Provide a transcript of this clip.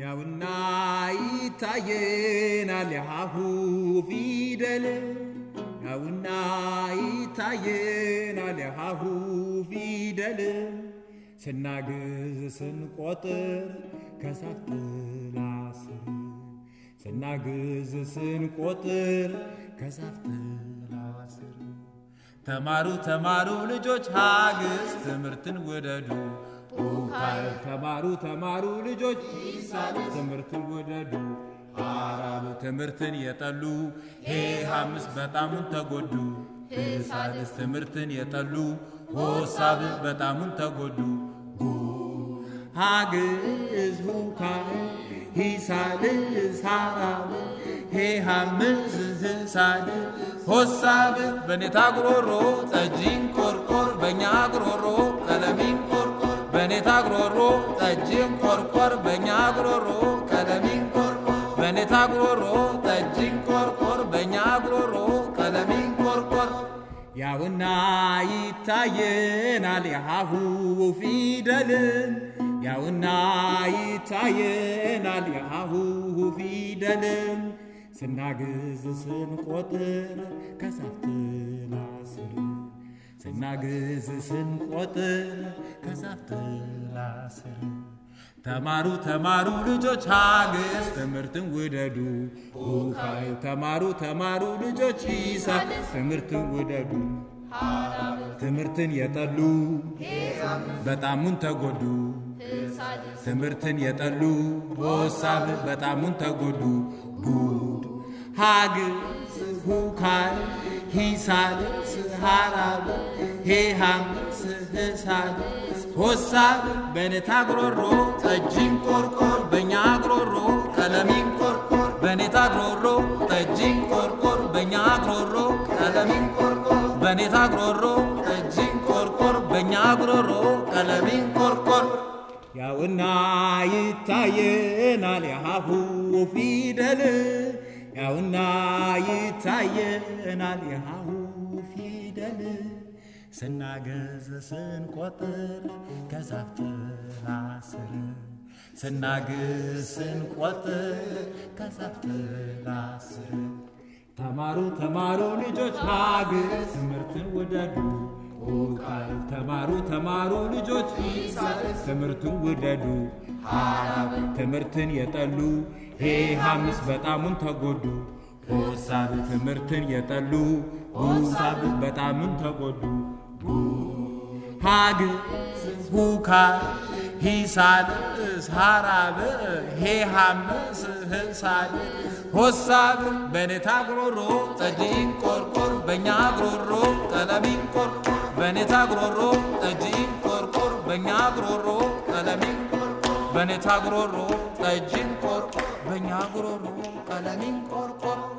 ያውና ይታየናል የሃሁ ፊደል ያውና ይታየናል የሃሁ ፊደል ስናግዝ ስንቆጥር ከሳት ጥላ ስር ስናግዝ ስንቆጥር ከሳት ጥላ ስር ተማሩ ተማሩ ልጆች ሀግዝ ትምህርትን ውደዱ ተማሩ ተማሩ ልጆች ትምህርትን ወደዱ። አራቡ ትምህርትን የጠሉ ሄ ሐምስ በጣሙን ተጎዱ። ሳድስ ትምህርትን የጠሉ ሆሳብ በጣሙን ተጎዱ። ሀግዝ ሁካ ሂሳልስ ሀራብ ሄ ሐምስ ህሳድ ሆሳብ በኔታ ጉሮሮ ጠጂን ቆርቆር በእኛ ጉሮሮ በኔታ ጉሮሮ ጠጅን ቆርቆር በእኛ ጉሮሮ ቀለሚን ቆርቆር በኔታ ጉሮሮ ጠጅን ቆርቆር በእኛ ጉሮሮ ቀለሚን ቆርቆር ያውና ይታየናል የሃሁ ፊደልን ያውና ይታየናል የሃሁ ፊደልን ስናግዝ ስንቆጥር ከሳፍትና ስር ጥንትና ግዕዝ ስንቆጥር ከዛፍ ጥላ ስር ተማሩ ተማሩ ልጆች ሀገስ ትምህርትን ውደዱ ሁካይ ተማሩ ተማሩ ልጆች ይሳ ትምህርትን ውደዱ ትምህርትን የጠሉ በጣሙን ተጎዱ ትምህርትን የጠሉ ሆሳብ በጣሙን ተጎዱ ጉድ ሀግስ ሁካይ ሂሳል ስሃራብ ሄሃም ስህሳል ሆሳብ በኔታ ግሮሮ ጠጅን ቆርቆር በእኛ ግሮሮ ቀለሚን ቆርቆር በኔታ ግሮሮ ጠጅን ቆርቆር በእኛ ግሮሮ ቀለሚን ቆርቆር በኔታ ግሮሮ ጠጅን ቆርቆር በእኛ ግሮሮ ቀለሚን ቆርቆር ያውና ይታየናል የሀሁ ፊደል ያውና ይታየናል የሃሁ ፊደል ስናገዝ ስንቆጥር ከዛፍ ጥላ ስር ስናግዝ ስንቆጥር ከዛፍ ጥላ ስር ተማሩ ተማሩ ልጆች ሀገር ትምህርትን ውደዱ ቃል ተማሩ ተማሩ ልጆች ትምህርቱን ውደዱ ትምህርትን የጠሉ ቢሃምስ በጣሙን ተጎዱ ሆሳብ ትምህርትን የጠሉ ሆሳብ በጣሙን ተጎዱ ሀግ ቡካር ሂሳንስ ሀራብ ሄሃምስ ህሳን ሆሳብ በኔታ ግሮሮ ጠጂን ቆርቆር በእኛ ግሮሮ ቀለሚን ቆርቆር በኔታ ግሮሮ ጠጂን ቆርቆር በእኛ ግሮሮ ቀለሚን ቆርቆር በኔታ ግሮሮ ጠጂን ቆርቆር Benyaguro la kalamin corco!